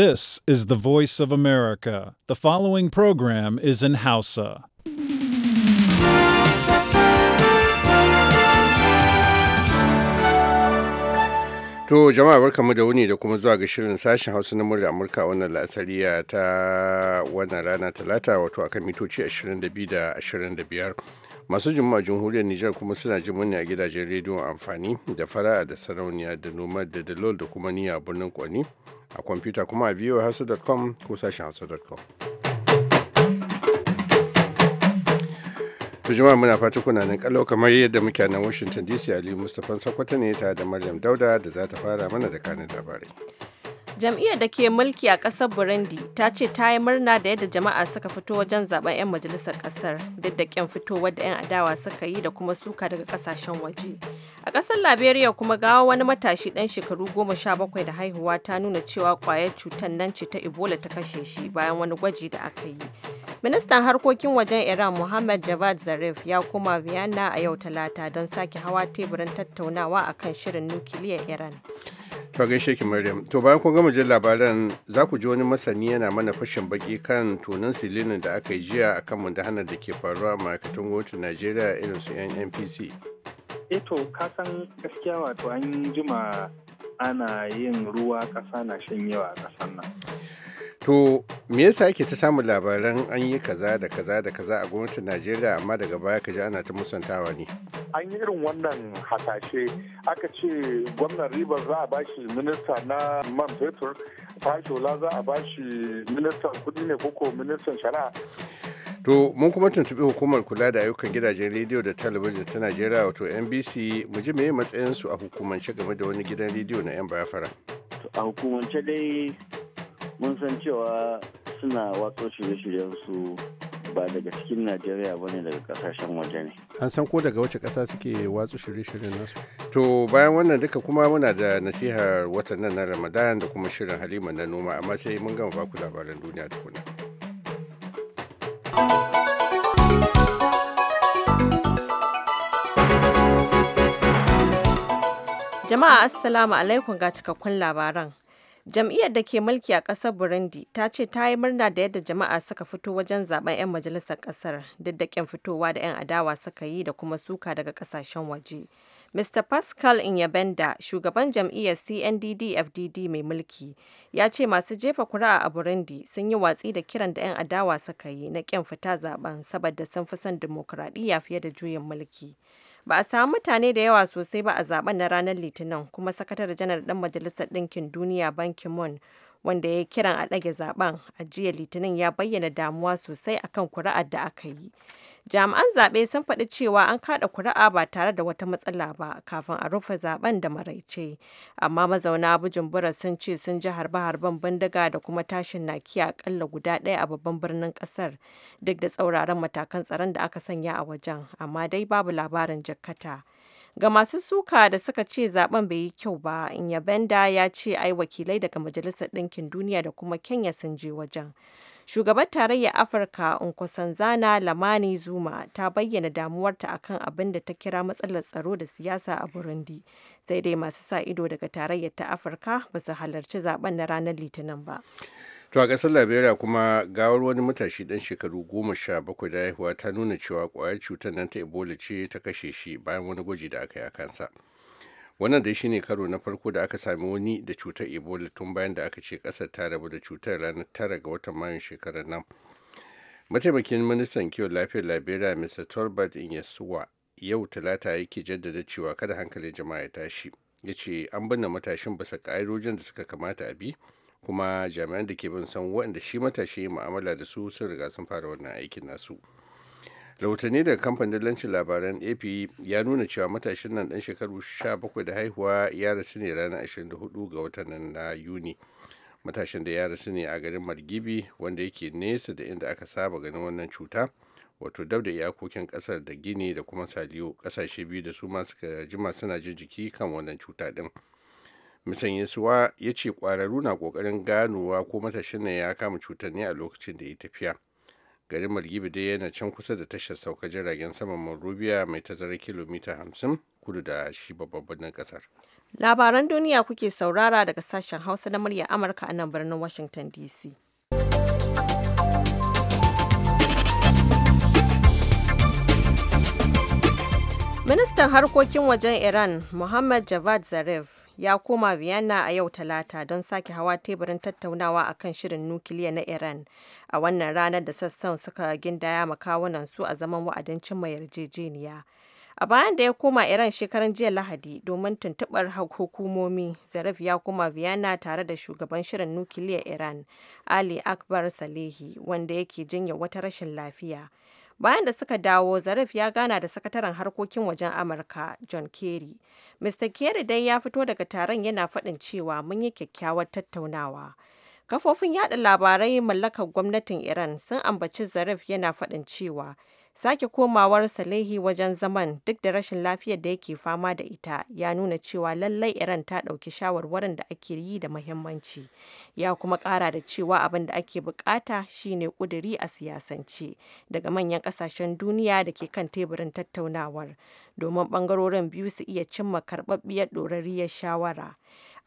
This is the voice of America. The following program is in Hausa. To jama'a barkamu da wuni da kuma zuwa ga shirin sashen Hausa na murya Amurka wannan la'asariya ta wannan rana talata wato akan mitoci 22 da 25. masu juma'a jumhuriyar nijar kuma suna jin muni a gidajen rediyon amfani da fara'a da sarauniya da noma da dalol da kuma niyya birnin kwani a kwamfuta kuma a voahouse.com ko sashen hasu.com su jima muna fata kuna nan kallo kamar yadda muke nan washington dc ali mustapha sakwata ne tare da maryam dauda da za ta fara mana da kanin labarai Jam'iyyar da ke mulki a ƙasar Burundi ta ce ta yi murna da yadda jama'a suka fito wajen zaben 'yan majalisar ƙasar duk da ƙin fitowar da 'yan adawa suka yi da kuma suka daga ƙasashen waje. A ƙasar Liberia kuma gawa wani matashi ɗan shekaru goma sha bakwai da haihuwa ta nuna cewa kwayar cutar nan ce ta Ebola ta kashe shi bayan wani gwaji da aka yi. Ministan harkokin wajen Iran Muhammad Javad Zarif ya koma Vienna a yau Talata don sake hawa teburin tattaunawa akan shirin nukiliyar Iran. To gaishe ki Maryam. To bayan kun gama jin labaran za ku ji wani masani yana mana fashin baki kan tunan silinin da aka yi jiya a kan mundahana da ke faruwa a ma'aikatan gwamnatin Najeriya irin su NNPC. E eh to kasan gaskiya wato an jima ana yin ruwa kasa na shan yawa a ƙasar nan. to me yasa yake ta samun labaran an yi kaza da kaza da kaza a gwamnatin najeriya amma daga baya ka ji ana ta musantawa ne an yi irin wannan hasashe aka ce gwamnan ribar za a bashi minista na man fetur fashola za a bashi ministan kudi ne koko ministan shari'a to mun kuma tuntuɓi hukumar kula da ayyukan gidajen rediyo da talabijin ta najeriya wato nbc mu ji meye matsayinsu a hukumance game da wani gidan rediyo na yan bayafara a hukumance dai mun san cewa suna watso shirye-shiryen su ba daga cikin najeriya ba ne daga kasashen waje ne an san ko daga wace kasa suke watsu shirye-shiryen nasu to bayan wannan duka kuma muna da nasihar watan nan na ramadan da kuma shirin halima na noma amma sai mun gama baku labaran duniya tukuna. Jama'a Assalamu alaikum ga cikakkun labaran. Jam'iyyar da ke mulki a ƙasar Burundi ta ce ta yi murna da yadda jama'a suka fito wajen zaben 'yan majalisar ƙasar daddakin fitowa da 'yan adawa suka yi da kuma suka daga ƙasashen waje. Mr. Pascal Inyabenda, shugaban jam'iyyar CNDD-FDD mai mulki, ya ce masu jefa kura a Burundi sun yi watsi da kiran da 'yan adawa suka yi na ƙin fita zaben saboda sun fi son dimokuraɗiyya fiye da juyin mulki. ba a samu mutane da yawa sosai ba a zaben na ranar litinin kuma sakatar janar ɗan majalisar ɗinkin duniya ban ki-moon wanda ya yi kiran a ɗage zaben a jiya litinin ya bayyana damuwa sosai akan kuri'ar da aka yi Jami'an zaɓe sun faɗi cewa an kaɗa kuri'a ba tare da wata matsala ba kafin a rufe zaben da maraice, amma mazauna Bujumbura sun ce sun ji harbe-harben bindiga da kuma tashin nakiya akalla guda ɗaya a babban birnin ƙasar duk da tsauraran matakan tsaron da aka sanya a wajen, amma dai babu labarin jikkata. ga masu suka da suka ce zaben bai yi kyau ba inyabenda ya ce ai wakilai daga majalisar ɗinkin duniya da kuma kenya sun je wajen Shugabar Tarayyar Afirka Nkosazana lamani Zuma ta bayyana damuwarta akan abin da ta kira matsalar tsaro da siyasa a Burundi, sai dai masu sa ido daga Tarayyar ta Afirka ba su halarci zaben na ranar Litinin ba. To a ƙasar Liberia kuma gawar wani matashi ɗan shekaru goma sha bakwai da haihuwa ta nuna cewa kwayar cutar nan ta Ebola ce ta kashe shi bayan wani gwaji da aka yi a kansa. wannan da shine karo na farko da aka sami wani da cutar ebola tun bayan da aka ce kasar ta rabu da cutar ranar tara ga watan mayun shekarar nan mataimakin ministan kiwon lafiyar liberia mr in inyasuwa yau talata yake jaddada cewa kada hankalin jama'a ya tashi ya ce an binne matashin bisa ƙa'idojin da suka kamata a bi kuma jami'an da ke bin san waɗanda shi matashi mu'amala da su sun riga sun fara wannan aikin nasu. rahotanni daga kamfanin lancin labaran ap e ya nuna cewa matashin nan dan shekaru 17 da haihuwa ya rasu ne ranar 24 ga watan nan na yuni matashin da ya rasu ne a garin margibi wanda yake nesa da inda aka saba ganin wannan cuta wato dab da iyakokin kasar da gini da kuma saliyo kasashe biyu da su masu suka jima suna jin jiki kan wannan cuta din misan yasuwa ya ce kwararru na kokarin ganowa ko matashin nan ya kama cutar ne a lokacin da ya tafiya garin margibi dai yana can kusa da tashar sauka jiragen saman marubiya mai tazarar kilomita 50 kudu da shi babban birnin kasar labaran duniya kuke saurara daga sashen hausa na murya amurka a nan birnin washington dc Ministan harkokin wajen Iran, Muhammad Javad Zarif, ya koma Vienna a yau Talata don sake hawa teburin tattaunawa akan shirin nukiliya na Iran a wannan ranar da sassan suka gindaya makawunan su a zaman wa'adin cimma yarjejeniya. A bayan da ya koma Iran shekaran jiya Lahadi domin tuntuɓar hukumomi, Zarif ya koma Vienna tare da shugaban shirin nukiliya Iran, Ali Akbar Salehi, wanda yake jinya wata rashin lafiya. Bayan da suka dawo, Zarif ya gana da sakataren harkokin wajen Amurka, John Kerry. Mr. Kerry dai ya fito daga taron yana faɗin cewa mun yi kyakkyawar tattaunawa. Kafofin yada labarai mallakar gwamnatin Iran sun ambaci Zarif yana faɗin cewa Sake komawar laihi wajen zaman duk da rashin lafiyar da yake fama da ita ya nuna cewa lallai Iran ta dauki shawarwarin da ake yi da mahimmanci Ya kuma kara da cewa abin da ake bukata shine kuduri a siyasance daga manyan kasashen duniya da ke kan teburin tattaunawar domin bangarorin biyu su iya cimma karɓaɓɓiyar ɗorarriyar shawara.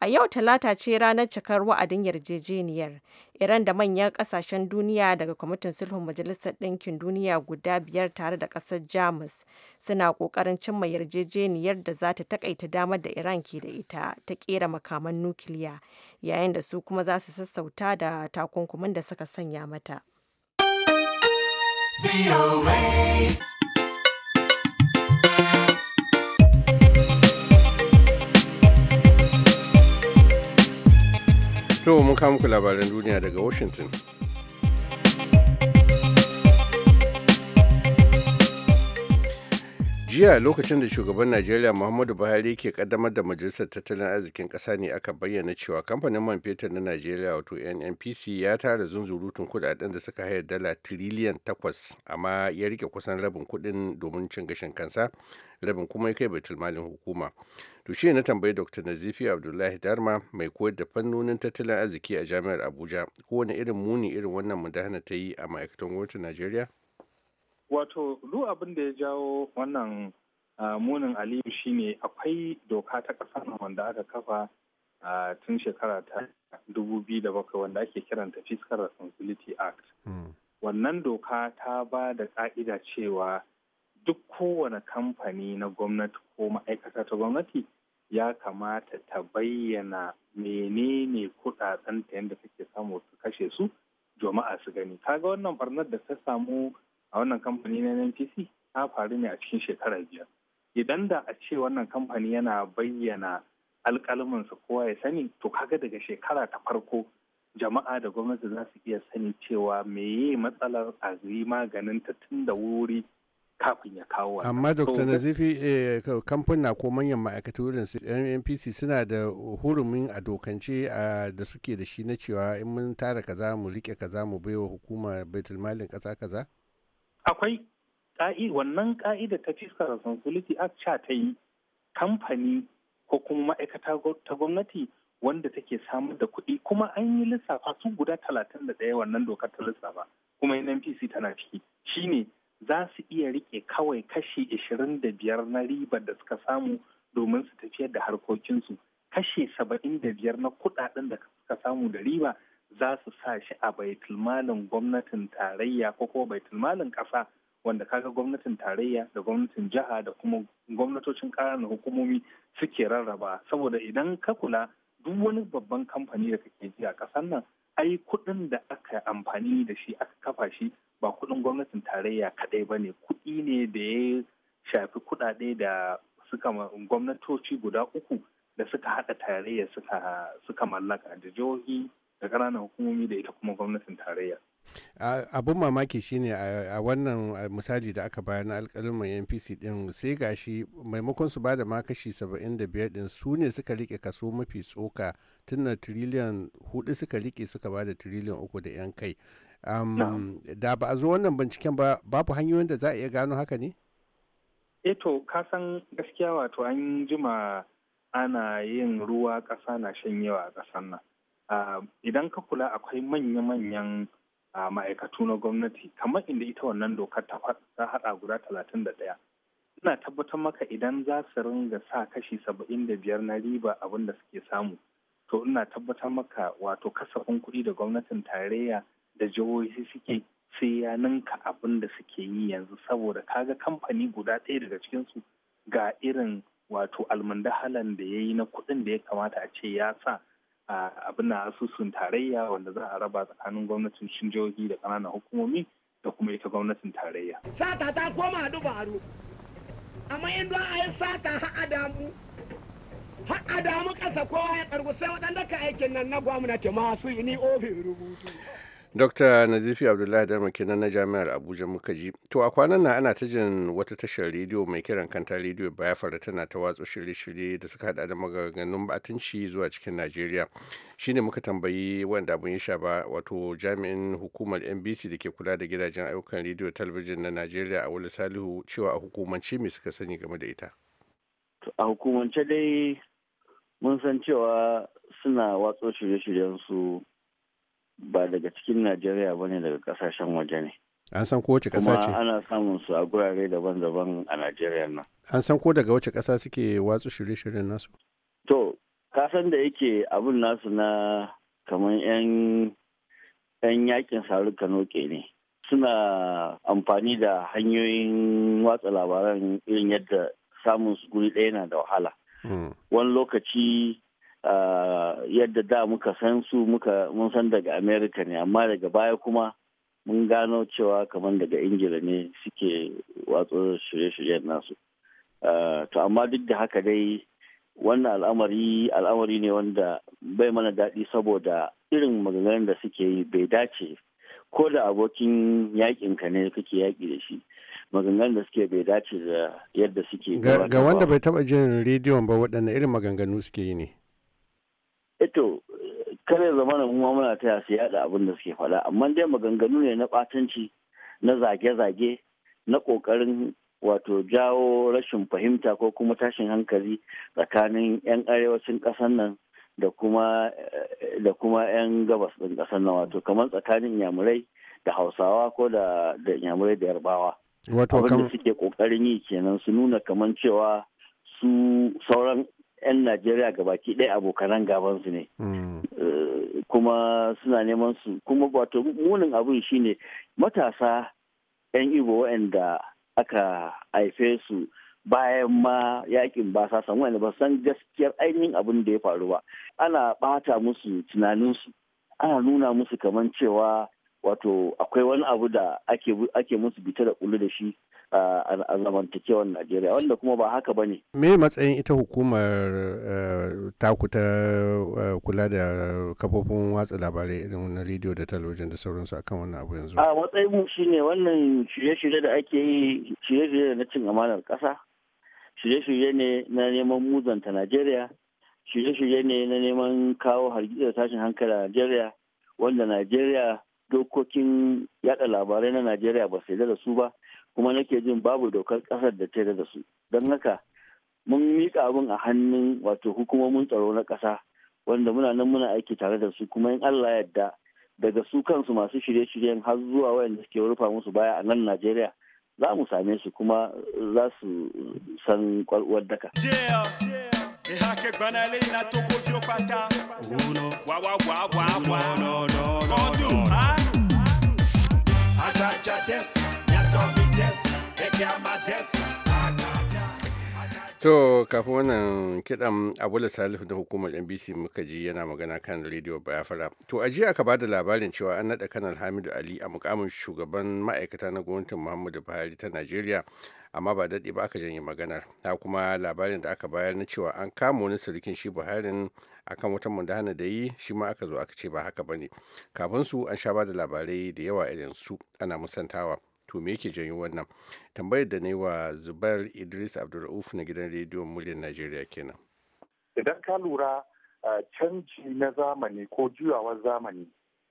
A yau Talata ce ranar cikar wa'adin yarjejeniyar. Iran da manyan ƙasashen duniya daga Kwamitin Sulhun Majalisar Ɗinkin Duniya guda biyar tare da ƙasar Jamus suna ƙoƙarin cimma yarjejeniyar da za ta taƙaita damar da Iran ke da ita ta ƙera makaman nukiliya, yayin da su kuma za su sassauta da takunkumin da suka sanya mata. To mun kawo muku labaran duniya daga Washington. jiya lokacin da shugaban najeriya muhammadu buhari ke kaddamar da majalisar tattalin arzikin ƙasa ne aka bayyana cewa kamfanin man fetur na najeriya wato nnpc ya tara zunzurutun kudaden da suka hayar dala tiriliyan takwas amma ya rike kusan rabin kudin domin cin gashin kansa rabin kuma ya kai baitulmalin hukuma to shi na tambayi dr nazifi abdullahi darma mai koyar da fannonin tattalin arziki a jami'ar abuja ko wani irin muni irin wannan mudahana ta yi a ma'aikatan gwamnatin najeriya wato duk abin da ya jawo wannan munin aliyu shine akwai doka ta ƙasa wanda aka kafa tun shekara ta bakwai wanda ake kiranta fiscal responsibility act hmm. wannan doka ta ba da ka'ida cewa duk kowane kamfani na gwamnati ko ma'aikata ta gwamnati ya kamata ta bayyana menene kuɗaɗen ta yadda take samu su kashe su jama'a su gani kaga wannan barnar da ta samu a wannan kamfani na NPC ta faru ne a cikin shekara biyar idan da a ce wannan kamfani yana bayyana su kowa ya sani to kaga daga shekara ta farko jama'a da gwamnati za su iya sani cewa meye matsalar a yi ta tun da wuri kafin ya kawo wannan. Amma Dr. Nazifi eh, na ko manyan ma'aikatu irin su NPC suna da hurumin a dokance da suke da shi na cewa in mun tara kaza mu rike kaza mu baiwa hukuma baitul malin kasa kaza? Akwai ka'i wannan ka'ida ta da responsibility act sha ta yi kamfani ko kuma ma'aikata ta gwamnati wanda take samar da kuɗi kuma an yi lissafa su guda talatin da ɗaya wannan dokar ta lissafa kuma NPC tana ciki shine za su iya rike kawai kashi 25 na riba da suka samu domin su tafiyar da harkokinsu kashi 75 na kudaden da suka samu da riba za su sa shi a baitulmalin gwamnatin tarayya ko kuma baitulmalin ƙasa wanda kaga gwamnatin tarayya da gwamnatin jiha da kuma gwamnatocin ƙananan hukumomi suke rarraba saboda idan ka kula duk wani babban kamfani da kake ji a ƙasar nan ai kuɗin da aka amfani da shi aka kafa shi ba kuɗin gwamnatin tarayya kadai ba ne kuɗi ne da ya shafi kuɗaɗe da suka gwamnatoci guda uku da suka haɗa tarayya suka mallaka da jihohi da ƙananan hukumomi da ita kuma gwamnatin tarayya. abun mamaki shine a wannan misali da aka bayar na alkalin npc din sai gashi maimakon su ba da ma kashi 75 din su ne suka rike kaso mafi tsoka tun na hudu suka rike suka ba da triliyan uku da yan kai da ba a zo wannan binciken ba babu hanyoyin da za a iya gano haka ne? e to kasan gaskiya wato an jima ana yin ruwa ƙasa na shanyewa a ƙasar nan idan ka kula akwai manya-manyan ma'aikatu na gwamnati kamar inda ita wannan dokar ta haɗa guda talatin da ɗaya ina tabbatar maka idan za su ringa sa kashi saba'in da biyar na riba abin da suke samu to ina tabbatar maka wato kasafin kuɗi da gwamnatin tarayya da jihohi suke sai ya ninka abin da suke yi yanzu saboda kaga kamfani guda ɗaya daga cikinsu ga irin wato almundahalan da ya yi na kuɗin da ya kamata a ce ya sa abin na asusun tarayya wanda za a raba tsakanin gwamnatin jihohi da ƙananan hukumomi da kuma ita gwamnatin tarayya. Sata ta koma dubaru, amma in don a yi sata haɗa adamu haɗa ƙasa kowa ya karbu sai waɗanda ka aikin nan na gwamnati masu yi ni ofin rubutu. Dr. Nazifi Abdullahi Darma kenan na Jami'ar Abuja muka ji. To a kwanan nan ana ta jin wata tashar rediyo mai kiran kanta rediyo baya fara tana ta watsa shirye-shirye da suka hada da maganganun batunci zuwa cikin Najeriya. ne muka tambayi wanda abun ya sha ba wato jami'in hukumar NBC da ke kula da gidajen ayyukan rediyo talabijin na Najeriya a Wali Salihu cewa a hukumance me suka sani game da ita. A hukumance dai mun san cewa suna watsa shirye-shiryen su ba daga cikin najeriya ba ne daga kasashen waje ne an san ko wace ƙasa ce kuma ana samun su a gurare daban-daban a najeriya nan an san ko daga wace ƙasa suke watsu shirye-shiryen nasu to kasan da yake abin nasu na kamar 'yan yan yakin saru kanoke ne suna amfani da hanyoyin watsa labaran irin yadda samun su guri ɗaya na da wahala hmm. wani lokaci yadda da muka san su muka mun san daga amerika ne amma daga baya kuma mun gano cewa kamar daga ingila ne suke watsa shirye-shiryen nasu to amma duk da haka dai wannan al'amari al'amari ne wanda bai mana daɗi saboda irin maganganun da suke yi bai dace ko da abokin yakin ka ne kake yaki da shi maganganun da suke bai dace da yadda suke ga wanda bai taba jin rediyon ba waɗanne irin maganganu suke yi ne Eto, eh kare zama na muna taya su yada abin da suke faɗa, amma dai maganganu ne na ɓatanci, na zage-zage, na ƙoƙarin wato jawo rashin fahimta ko kuma tashin hankali tsakanin 'yan arewacin ƙasar nan da kuma 'yan gabas ɗin ƙasar nan wato kamar tsakanin yamurai da hausawa ko da yamurai da yarbawa. Wato abin suke ƙoƙarin yi kenan su nuna kamar cewa su sauran 'yan najeriya gabaki ɗaya abokanan gaban su ne hmm. eh, kuma suna neman su kuma wato munin abin shine matasa 'yan igbo waɗanda aka haife su bayan ma yakin ba sa san wani ba san gaskiyar ainihin abin da ya faru ba ana bata musu tunaninsu ana nuna musu kaman cewa wato akwai wani abu da ake musu bita da kulu da shi a zamantakewan Najeriya wanda kuma ba haka ba ne. Me matsayin ita hukumar eh, taku ta eh, kula da kafofin watsa labarai irin na rediyo da talabijin da sauransu akan wannan abu yanzu? A matsayin mu shine wannan shirye-shirye da ake yi shirye-shirye na cin amanar ƙasa, shirye-shirye ne na neman muzanta Najeriya, shirye-shirye ne na neman kawo hargitsa tashin hankali a Najeriya, wanda Najeriya dokokin yada labarai na Najeriya ba su da su ba. kuma nake jin babu dokar kasar da ta da su don haka mun miƙa abin a hannun wato hukumomin tsaro na ƙasa wanda muna nan muna aiki tare da su kuma in Allah yadda daga su kansu masu shirye-shiryen har zuwa wayanda suke rufa musu baya a nan Najeriya za mu same su kuma za su san kwalwar daka. Yes. To kafin wannan kiɗan Abula Salihu da hukumar NBC muka ji yana magana kan rediyo Bayafara. To a jiya aka bada labarin cewa an naɗa kanal Hamidu Ali a mukamin shugaban ma'aikata na gwamnatin Muhammadu Buhari ta Najeriya amma ba daɗe ba aka janye maganar. na kuma labarin da aka bayar na cewa an kama wani surukin shi Buharin akan wata mundana da yi shi ma aka zo aka ce ba haka bane. Kafin su an sha bada labarai da yawa irin su ana musantawa. to me yake janyo wannan tambayar da ne wa zubair idris abdulrauf na gidan rediyon muryar najeriya kenan idan ka lura eh, canji na zamani ko juyawar zamani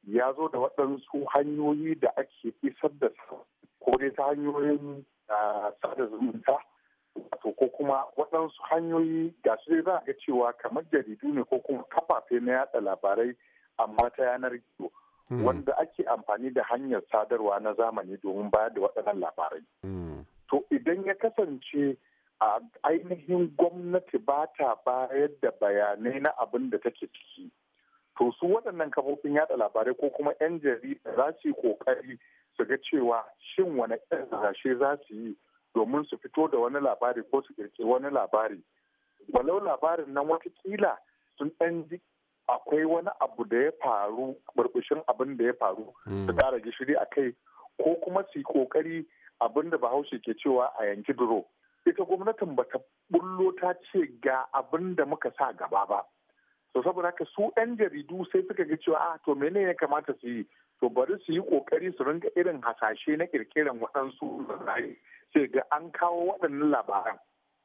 ya zo da waɗansu hanyoyi da ake isar da su ko dai ta hanyoyin eh, sada zumunta wato ko kuma waɗansu hanyoyi ga su za a ga cewa kamar jaridu ne ko kuma kafafe na yada labarai amma ta yanar gizo Hmm. wanda ake amfani da hanyar sadarwa na zamani domin ba da waɗannan labarai. Hmm. To idan ya kasance a ainihin gwamnati ba ta bayar da bayanai na abin da take ciki. To su waɗannan kafofin yada labarai ko kuma 'yan jarida za su yi ƙoƙari su ga cewa shin wani ƙasashe za su yi domin su fito da wani labari ko su ƙirƙi wani labari. Walau labarin nan watakila sun ɗan ji akwai wani abu da ya faru burbushin abin da ya faru hmm. su kara gishiri a kai ko kuma su yi ƙoƙari abin da bahaushe ke cewa a yanki duro ita gwamnatin bata bullo ta ce ga abin da muka sa gaba ba so saboda haka su 'yan jaridu sai suka ga cewa ah to mene ya kamata su yi to bari su yi kokari su ringa irin hasashe na kirkiran waɗansu labarai sai ga an kawo waɗannan labaran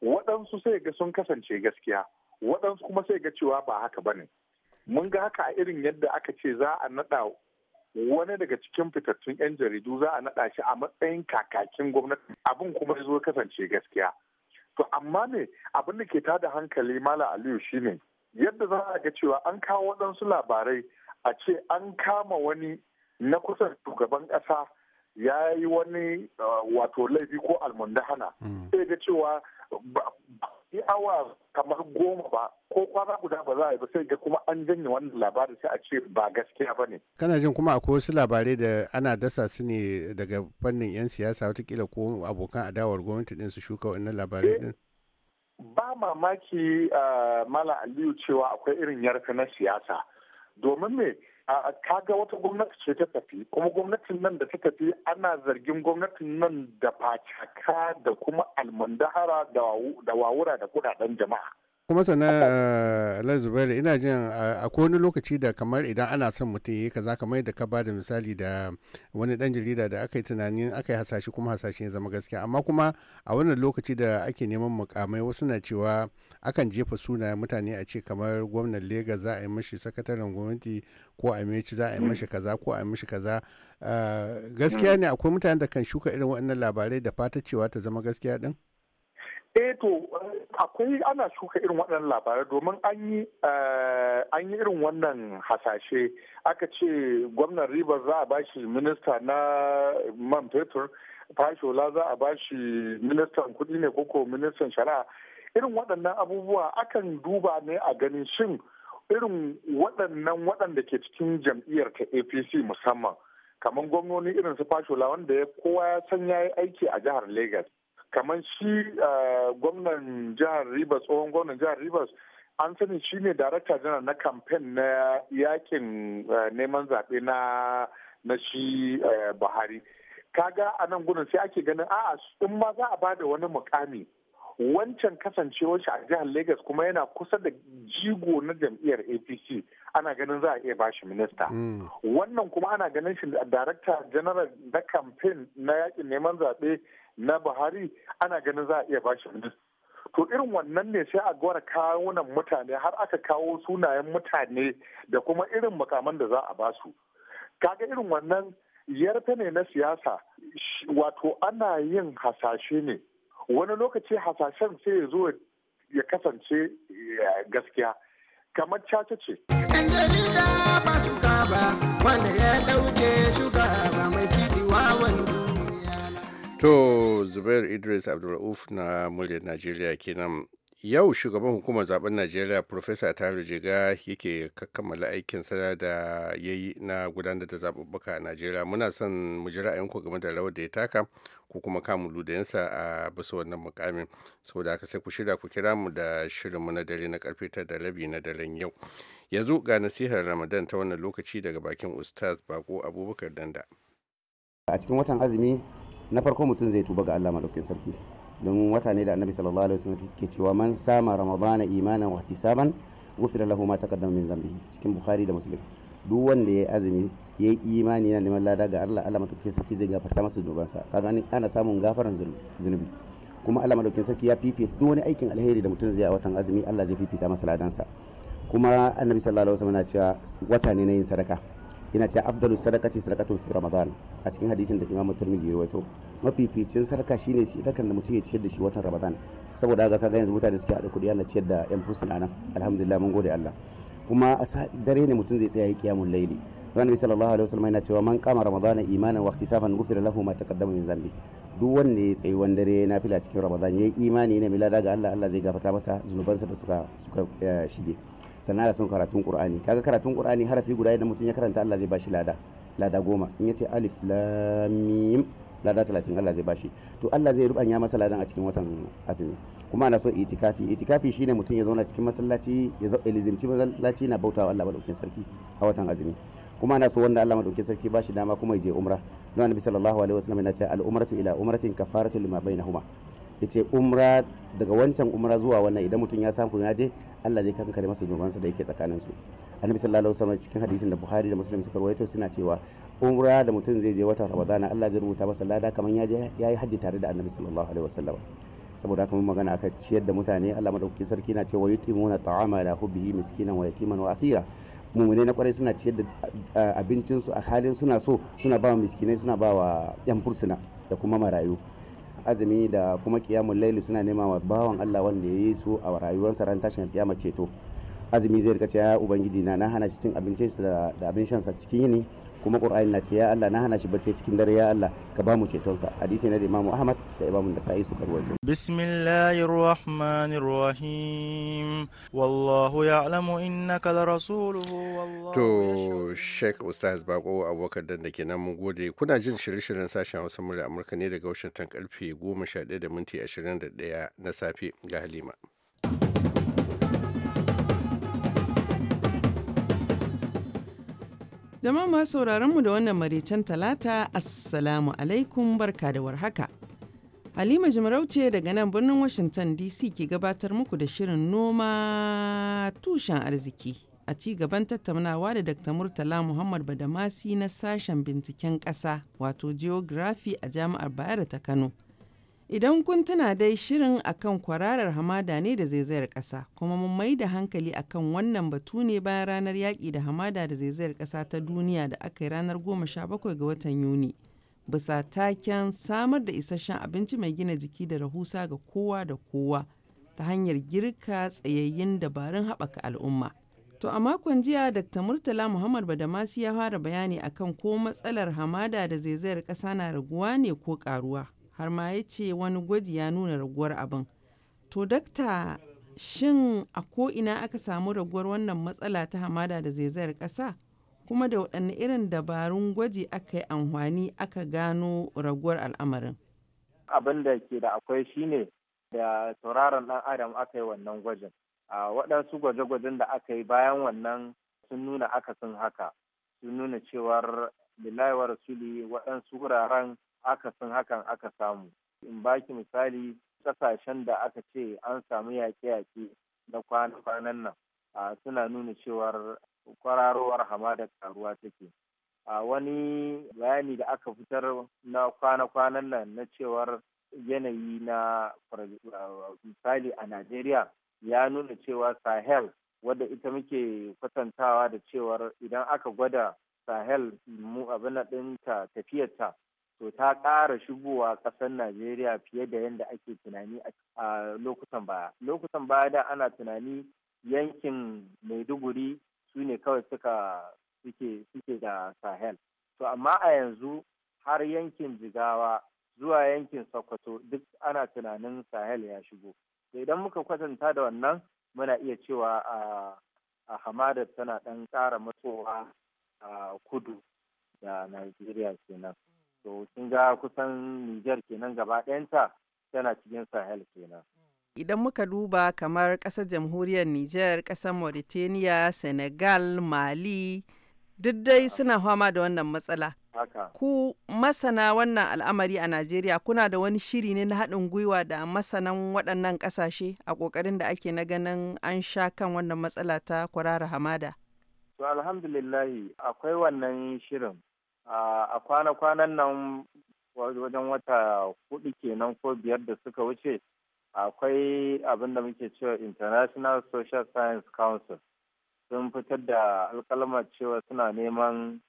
waɗansu sai ga sun kasance gaskiya waɗansu kuma sai ga cewa ba haka bane mun ga haka a irin yadda aka ce za a naɗa wani daga cikin fitattun 'yan jaridu za a naɗa shi a matsayin kakakin gwamnati abin kuma zo kasance gaskiya to amma ne abin da ke tada hankali mala aliyu shine yadda za a ga cewa an kawo waɗansu labarai a ce an kama wani na kusan shugaban ƙasa ya yi wani eh, wato laifi ko almundahana mm. sai ga cewa yi awa kamar goma ba ko kwana guda ba za a yi ba sai ga kuma an janye wannan labarin sai a ce ba gaskiya ba ne. kana jin kuma akwai wasu labarai da ana dasa su ne daga fannin 'yan siyasa watakila ko abokan adawar gwamnati din su shuka wannan labarai din. ba mamaki ah, mala aliyu cewa akwai irin yarka na siyasa domin me ka ga wata gwamnati ce ta tafi kuma gwamnatin nan da ta tafi ana zargin gwamnatin nan da facaka da kuma almandahara da wawura da kudaden jama'a kuma sana eh, zubairu ina jin eh, akwai wani lokaci da kamar idan ana son mutum yi kaza kamar da ka bada misali da wani dan jarida da aka yi tunanin aka yi hasashe kuma hasashe ya zama gaskiya amma kuma a wannan lokaci da ake neman mukamai wasu na cewa akan jefa suna mutane a ce kamar gwamnan legas za a yi mashi sakataren gwamnati ko a mece za a yi mashi kaza ko a yi mashi kaza eh, gaskiya ne akwai mutane da kan shuka irin waɗannan labarai da fata cewa ta zama gaskiya din? eh akwai ana shuka irin waɗannan labarai domin an yi eh, irin wannan hasashe aka ce gwamnan riba za a bashi minista na man fetur fashola za a bashi ministan kuɗi ne koko ministan shari'a irin waɗannan abubuwa akan duba ne a ganin shin irin waɗannan waɗanda ke cikin jam'iyyar ta apc musamman kamar gwamnoni irin su fashola wanda kowa ya san ya yi aiki a jihar lagos kamar shi eh, gwamnan jihar Rivers tsohon gwamnan jihar Rivers an sani shi ne darakta janar na kamfen na yakin eh, neman zaɓe na na shi eh, Buhari kaga a nan gudun sai ake ganin a'a in ma za a bada wani mukami wancan kasancewar shi a jihar Legas kuma yana kusa da jigo na jam'iyyar APC ana ganin za a iya bashi minista. Mm. Wannan kuma ana ganin shi darakta general na kamfen na yakin neman zaɓe na buhari ana ganin za a iya bashi minista to irin wannan ne sai a gwara kawunan mutane har aka kawo sunayen mutane da kuma irin makaman da za a basu kaga irin wannan yarfe ne na siyasa wato ana yin hasashe ne wani lokaci hasashen sai ya zo ya kasance gaskiya kamar caca ce wanda ya dauke shugaba mai wawan To Zubair Idris Abdulrauf na muryar Najeriya kenan yau shugaban hukumar zaben Najeriya Profesa Taru Jega yake kammala aikin sada da ya yi na gudanar da zaɓuɓɓuka a Najeriya. Muna son mu ji ra'ayinku game da rawar da ya taka ko kuma kamun ludayensa a bisa wannan mukamin saboda haka sai ku shirya ku kira mu da shirinmu na dare na karfe ta da rabi na daren yau. Yanzu ga nasihar Ramadan ta wannan lokaci daga bakin Ustaz Bako Abubakar Danda. A cikin watan azumi na farko mutum zai tuba ga Allah madaukakin sarki don wata ne da annabi sallallahu alaihi wasallam ke cewa man sama ramadana imanan wa ihtisaban gufira lahu ma taqaddama min zambihi cikin bukhari da muslim duk wanda yayi azumi yayi imani yana neman lada ga Allah Allah madaukakin sarki zai gafarta masa zunubansa kaga ana samun gafaran zunubi kuma Allah madaukakin sarki ya fifita duk wani aikin alheri da mutum zai a watan azumi Allah zai fifita masa ladansa kuma annabi sallallahu alaihi wasallam na cewa wata ne na yin sadaka yana cewa afdalu sadaqati sadaqatun fi ramadan a cikin hadisin da imamu tirmidhi ya rawaito mafificin sadaka shine shi da mutum ya ciyar da shi watan ramadan saboda haka kaga yanzu mutane suke hada kuɗi ana ciyar da yan fusu nan alhamdulillah mun gode Allah kuma a dare ne mutum zai tsaya yi qiyamul layli bi sallallahu alaihi wasallam yana cewa man kama ramadana imanan wa ihtisafan ghufira lahu ma taqaddama min zambi duk wanda ya tsayi wanda dare na fila cikin ramadan yayi imani ne milada ga Allah Allah zai gafarta masa zunubansa da suka suka eh, shige sannan da sun karatun qur'ani kaga karatun qur'ani harafi guda idan mutum ya karanta Allah zai bashi lada lada goma in yace alif lam mim lada talatin Allah zai bashi to Allah zai rubanya masa ladan a cikin watan azumi kuma ana so itikafi itikafi shine mutum ya zauna cikin masallaci ya zauna ilizimci masallaci na bautawa Allah madaukakin sarki a watan azumi kuma ana so wanda Allah madaukakin sarki bashi dama kuma ya je umra don annabi sallallahu alaihi wasallam ya ce al umratu ila umratin kafaratu lima bainahuma ya ce umra daga wancan umra zuwa wannan idan mutum ya samu ya je Allah zai kankare masa zunubansa da yake tsakanin su annabi sallallahu alaihi cikin hadisin da Buhari da Muslim suka rawaito suna cewa umra da mutum zai je watan ramadana Allah zai rubuta masa lada kamar ya je yayi hajji tare da annabi sallallahu alaihi wasallam saboda haka mun magana akan ciyar da mutane Allah madauki sarki na cewa yutimuna ta'ama la hubbihi miskinan wa yatiman wa asira mumune na kwarai suna ciyar da abincinsu a halin suna so suna ba miskinai suna ba wa yan fursuna da kuma marayu azumi da kuma kiyamun laili suna nema wa bawan Allah wanda ya yi su a rayuwar ran tashin kiyama ceto azumi zai rika ya ubangiji na na hana shi cin abincin da abin shansa cikin yini kuma qur'ani na ce ya Allah na hana shi bacci cikin dare ya Allah ka ba mu ceton sa hadisi na da imamu ahmad da imamu nasa'i su karwaje bismillahir rahmanir rahim wallahu ya'lamu innaka la rasuluhu wallahu to sheikh ustaz bako abokan dan da nan mun gode kuna jin shirye-shiryen sashen hausa murya amurka ne daga washington karfe 11 da minti 21 na safe ga halima Jama'a masu sauraronmu da wannan maraicen talata Assalamu alaikum barka da warhaka. Halima Jimarauce daga nan birnin Washington DC ke gabatar muku da shirin noma tushen arziki a ci gaban tattaunawa da Dr. Murtala Muhammad Badamasi na sashen binciken ƙasa wato Geography a Jami'ar Bayero ta Kano. Idan kun tuna dai shirin akan kwararar hamada ne da zaizayar ƙasa, kuma mun mai da hankali akan wannan batu ne bayan ranar yaƙi da hamada da zaizayar ƙasa ta duniya da aka yi ranar 17 ga watan Yuni. Bisa taken samar da isasshen abinci mai gina jiki da rahusa ga kowa da kowa ta hanyar girka tsayayyen dabarun haɓaka al'umma. To a makon jiya Dr. Murtala Muhammad Badamasi ya fara bayani akan ko matsalar hamada da zaizayar ƙasa na raguwa ne ko ƙaruwa. har ma ya ce wani gwaji ya nuna raguwar abin to dakta shin a ko'ina aka samu raguwar wannan matsala ta hamada da zaizayar ƙasa kuma da waɗanne irin dabarun gwaji aka yi amfani aka gano raguwar al'amarin abin da ke da akwai shine da sauraron ɗan adam aka yi wannan gwajin a waɗansu gwaje-gwajen da aka yi bayan wannan sun nuna akasin haka sun nuna cewar bilayi rasuli waɗansu wuraren akasin hakan aka samu in baki misali kasashen da aka ce an samu yaƙe-yaƙe na kwanan nan suna nuna cewar kwararowar hamada karuwa take a wani bayani da aka fitar na kwana-kwanan nan na cewar yanayi na misali a najeriya ya nuna cewa sahel wadda ita muke kwatantawa da cewar idan aka gwada sahel mu abin ɗinta tafiyarta to ta ƙara shigowa ƙasar Najeriya fiye da yadda ake tunani a lokutan baya. Lokutan baya da ana tunani yankin Maiduguri su ne kawai suka suke da Sahel. To amma a yanzu har yankin Jigawa zuwa yankin Sokoto duk ana tunanin Sahel ya shigo. To idan muka kwatanta da wannan muna iya cewa a hamadar tana ɗan ƙara matsowa a kudu da Najeriya kenan. to kin ga kusan niger kenan gaba ɗayanta tana cikin Sahel kenan. Idan muka duba kamar ƙasar jamhuriyar niger ƙasar Mauritania, Senegal, Mali, duk dai suna fama da wannan matsala. Ku masana wannan al'amari a Najeriya kuna da wani shiri ne na haɗin gwiwa da masanan waɗannan ƙasashe a ƙoƙarin da ake na ganin an sha kan wannan matsala ta kwarara hamada. To alhamdulillahi akwai wannan shirin a kwana-kwanan nan wajen wata hudu kenan ko biyar da suka wuce akwai abin da muke cewa international social science council sun fitar da alkalmar cewa suna neman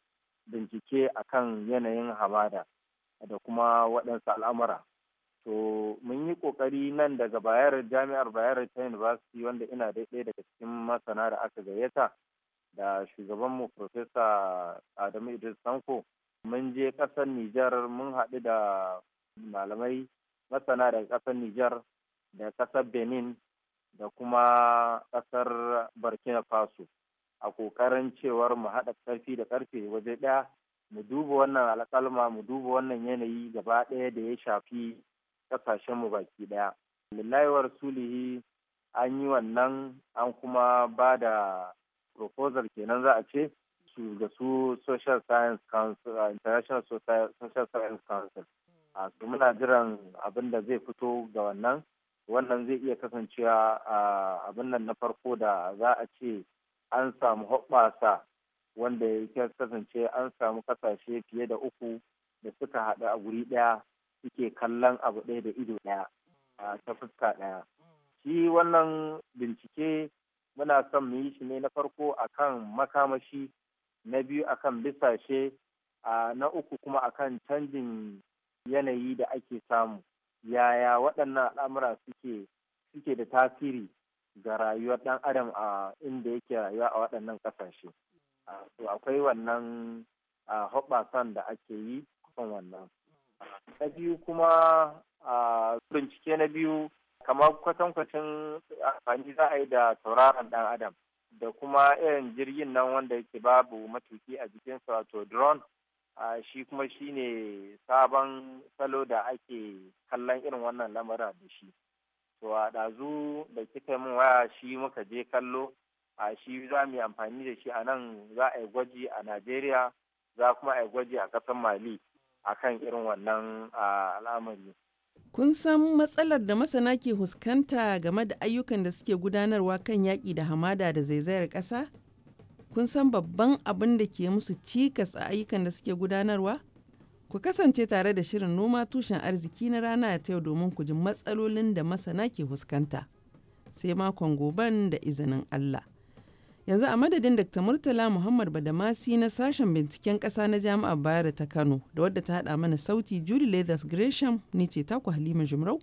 bincike akan yanayin hamada da kuma waɗansu al'amura to mun yi ƙoƙari nan daga bayar jami'ar bayar ta university wanda ina daidai daga cikin masana da aka gayyata da shugabanmu Profesa Adamu Idris Sanko mun je ƙasar Nijar mun haɗu da malamai masana daga ƙasar Nijar da ƙasar Benin da kuma ƙasar Burkina Faso a ƙoƙarin cewar mu haɗa ƙarfi da ƙarfe waje ɗaya mu duba wannan alƙalma mu duba wannan yanayi gaba ɗaya da ya shafi ƙasashenmu baki ɗaya. Lillahi wa rasulihi an yi wannan an kuma ba da proposal kenan za a ce ga su social science council international social science council a su muna jiran abin da zai fito ga wannan wannan zai iya kasancewa abin nan na farko da za a ce an samu hoɓɓasa wanda ya kasance an samu kasashe fiye da uku da suka haɗu a guri ɗaya suke kallon abu ɗaya da ido ɗaya ta fuska ɗaya shi wannan bincike muna son mu yi shi ne na farko akan makamashi na biyu akan bisashe na uku kuma akan canjin yanayi da ake samu yaya waɗannan al'amura suke suke da tasiri ga rayuwar ɗan adam a inda yake rayuwa a waɗannan ƙasashe to akwai wannan hoɓasan da ake yi kan wannan na biyu kuma bincike na biyu kamar kwatankwacin amfani za a yi da tauraron dan adam da kuma irin jirgin nan wanda yake babu matuki a jikinsa wato drone shi kuma shi ne sabon salo da ake kallon irin wannan lamarin da shi to a ɗazu da kika min waya shi muka je kallo a shi za mu yi amfani da shi a nan za a yi gwaji a najeriya za kuma a yi gwaji a ƙasar mali akan irin wannan al'amari Kun san matsalar da masana ke fuskanta game da ayyukan da suke gudanarwa kan yaƙi da hamada da zaizayar ƙasa? Kun san babban abin da ke musu cikas a ayyukan da suke gudanarwa? Ku kasance tare da shirin noma tushen arziki na rana ta yau domin ku ji matsalolin da masana ke fuskanta. Sai makon goban da izinin Allah. yanzu a madadin dr murtala muhammad badamasi na sashen binciken ƙasa na jami'ar bayar ta kano da wadda ta haɗa mana sauti julie leathers gresham ni ce taku halima jimrau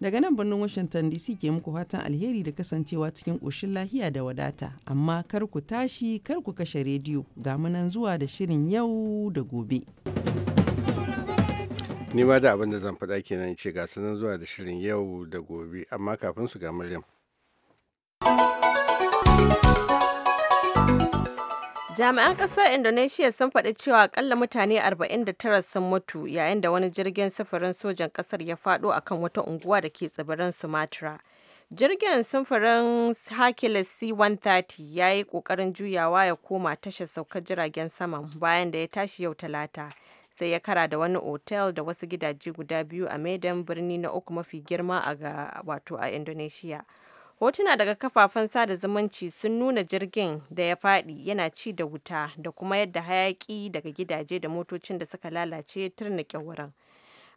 daga nan birnin washington dc ke muku fatan alheri da kasancewa cikin ƙoshin lahiya da wadata amma kar ku tashi kar ku kashe rediyo ga munan zuwa da shirin yau da gobe ni ma da abin da zan faɗa kenan ce ga sanan zuwa da shirin yau da gobe amma kafin su ga muryar Jami'an ƙasar Indonesia sun faɗi cewa akalla mutane 49 sun mutu yayin da wani jirgin sufurin sojan ƙasar ya faɗo akan wata unguwa da ke tsibirin Sumatra. Jirgin sufurin Hercules C-130 ya yi ƙoƙarin juyawa ya koma tashar saukar jiragen saman bayan da ya tashi yau talata. Sai ya kara da wani otel da wasu gidaje guda biyu a Medan birni na uku mafi girma a wato a Indonesia. hotuna daga kafafen sada zumunci sun nuna jirgin da ya fadi yana ci da wuta da kuma yadda hayaki daga gidaje da motocin da suka lalace ya wurin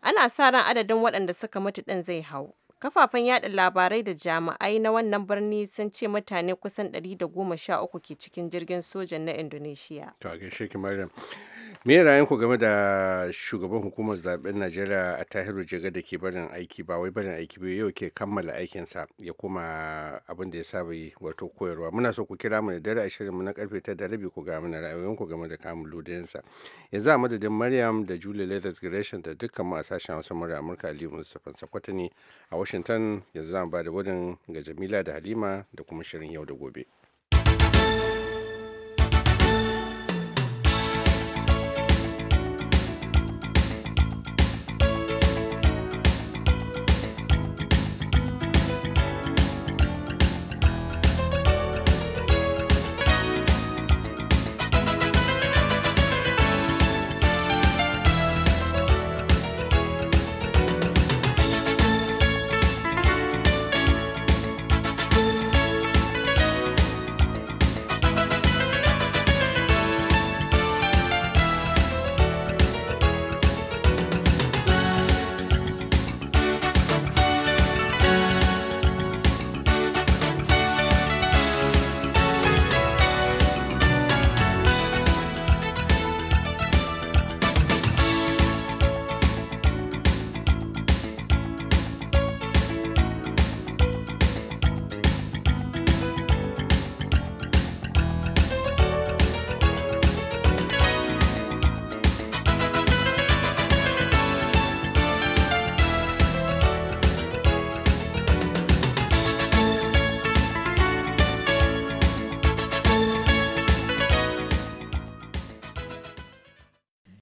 ana sa ran adadin waɗanda suka mutu ɗin zai hau kafafen yada labarai da jami'ai na wannan birni sun ce mutane kusan 113 ke cikin jirgin sojan na indonesia me ku game da shugaban hukumar zaben najeriya a tahiru jega da ke barin aiki ba wai barin aiki bai yau ke kammala aikinsa ya kuma abin da ya saba yi wato koyarwa muna so ku kira mu da dare ashirin mu na karfe ta da rabi ku ga mana ra'ayoyin ku game da kamun ludinsa yanzu a madadin maryam da julie leathers gresham da dukkan mu a sashen hausa murya amurka aliyu mustapha sakwata ne a washington yanzu za mu ba da wurin ga jamila da halima da kuma shirin yau da gobe.